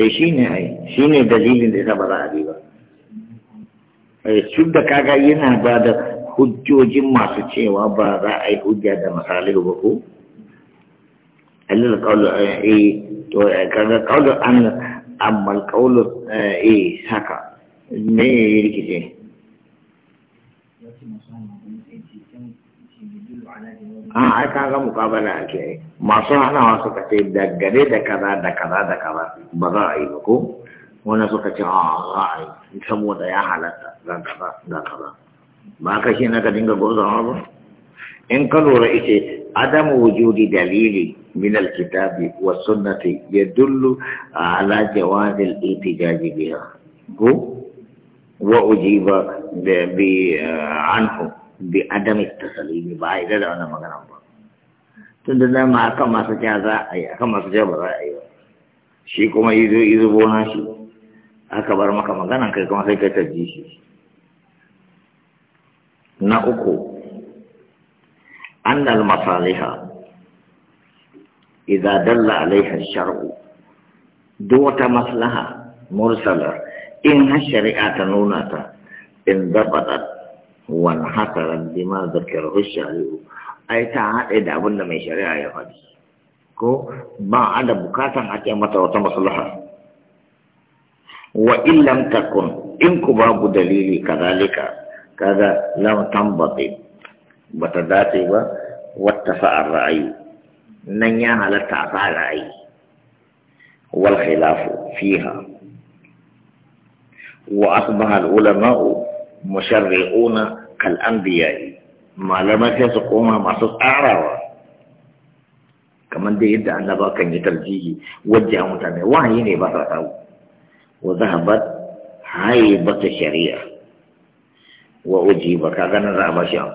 eh shi ne ai shi ne dalilin da ya ba za a bi ba eh, da kaga yana ba da hujjojin masu cewa ba za a yi hujja da misalihu ba ko alil qawlu eh, eh to eh, kaga qawlu an amma alqawlu eh haka me yi rikice? a ai ka ga mukabala ake yi masu hanawa suka ce dangane da kaza da kaza da kaza ba za a yi ba ko wani suka ce a za a yi saboda ya halatta da kaza da kaza ba ka shi na ka dinga gozawa ba in ka lura ita adamu wujudi dalili من الكتاب والسنة يدل على جواز الاحتجاج بها هو bi عنه bi ittasali bi ba a yi da wannan magana ba tun da ma akan masu cewa za a yi akan masu cewa ba za a yi ba shi kuma yi zo bona shi aka bar maka maganan kai kuma sai kai ka ji shi na uku an dal masaliha idza dalla alaiha shar'u duk wata maslaha mursala in har shari'a ta nuna ta in zabatat والحسرا بما ذكره الشارع أي ساعة إذا أبن من شريعة يا فادي كو ما عدا بكاتا حتى متى وتم صلحة وإن لم تكن إن كباب دليل كذلك كذا لم تنبطي بتداتي با واتفع الرأي نيانا لتعطى الرأي والخلاف فيها وأصبح العلماء مشرعون كالأنبياء ما لم يسقوما مصوص أعراوة كمان دي إدى أنبا كان يترجيه وجه متنى وعيني بطرته وذهبت هيبة الشريعة وأجيب كأن رأب شعر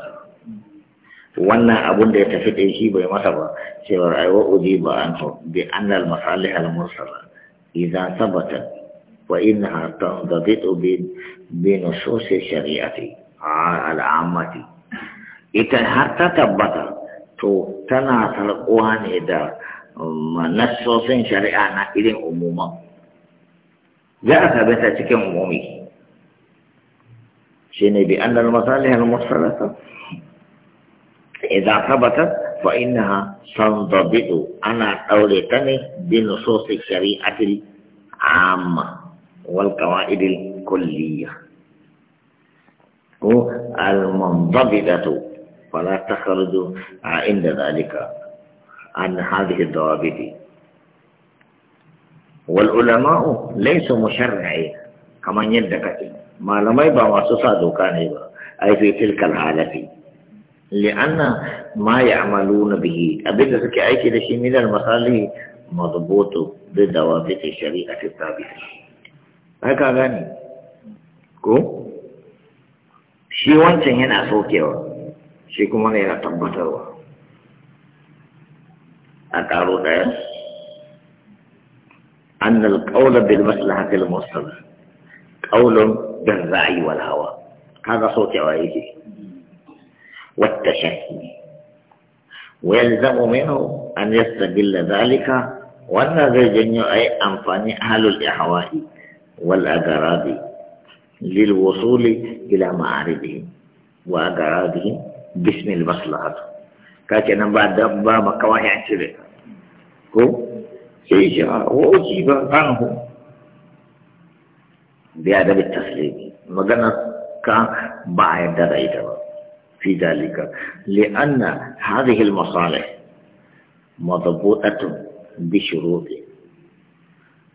وأن أبو دي تفت إيشي بي مصبا سيرا وأجيب عنه بأن المصالح المرسلة إذا ثبتت وإنها تنضبط بنصوص الشريعة العامة إذا حتى تبت تو تنا تلقوان إذا نصوص الشريعة إذن عموما جاء ثابتة تكن أمومي شيني بأن المصالح المرسلة إذا ثبتت فإنها تنضبط أنا أولتني بنصوص الشريعة العامة والقواعد الكلية المنضبطة فلا تخرج عند ذلك عن هذه الضوابط والعلماء ليسوا مشرعين كما يدك ما لم يبقى مؤسسة دوكان أي في تلك الحالة لأن ما يعملون به أبدا سكي شيء من المصالح مضبوط بضوابط الشريعة الثابتة ai ka gane ko shi wancan yana sokewa shi kuma ne yana tabbatarwa a ƙaro ɗaya an alƙaunar bil maslahatil musal ƙaunar dan ra'ayi wal hawa kaga sokewa yake wata shahi ويلزم منه أن يستدل ذلك وأن ذي جنيو أي أنفاني أهل الإحوائي والأغراض للوصول إلى معارضهم وأغراضهم باسم المصلحة كأن بعد ما مكواه عشرة يعني كو إيجا وأجيب عنه بأدب التسليم مغنى كان بعد ذلك في ذلك لأن هذه المصالح مضبوطة بشروط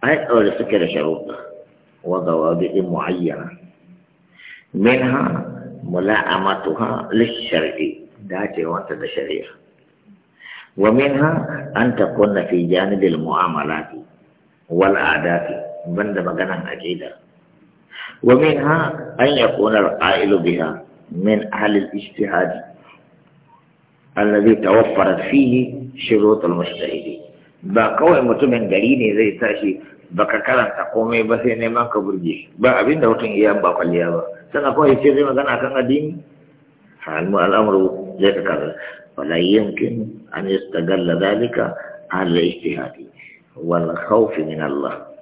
أي أول سكر شروطها وضوابط معينة منها ملاءمتها للشرع ذات وانت الشريعة ومنها أن تكون في جانب المعاملات والعادات بند مغنى عقيدة ومنها أن يكون القائل بها من أهل الاجتهاد الذي توفرت فيه شروط المجتهدين ba kawai mutumin gari ne zai tashi baka karanta komai ba sai neman ka burge ba abin da mutum iya ba kwalliya ba sannan kawai ce zai magana kan addini halmu al'amuru zai ka kaza wala yankin an yastagalla dalika ala ijtihadi wal khawfi min Allah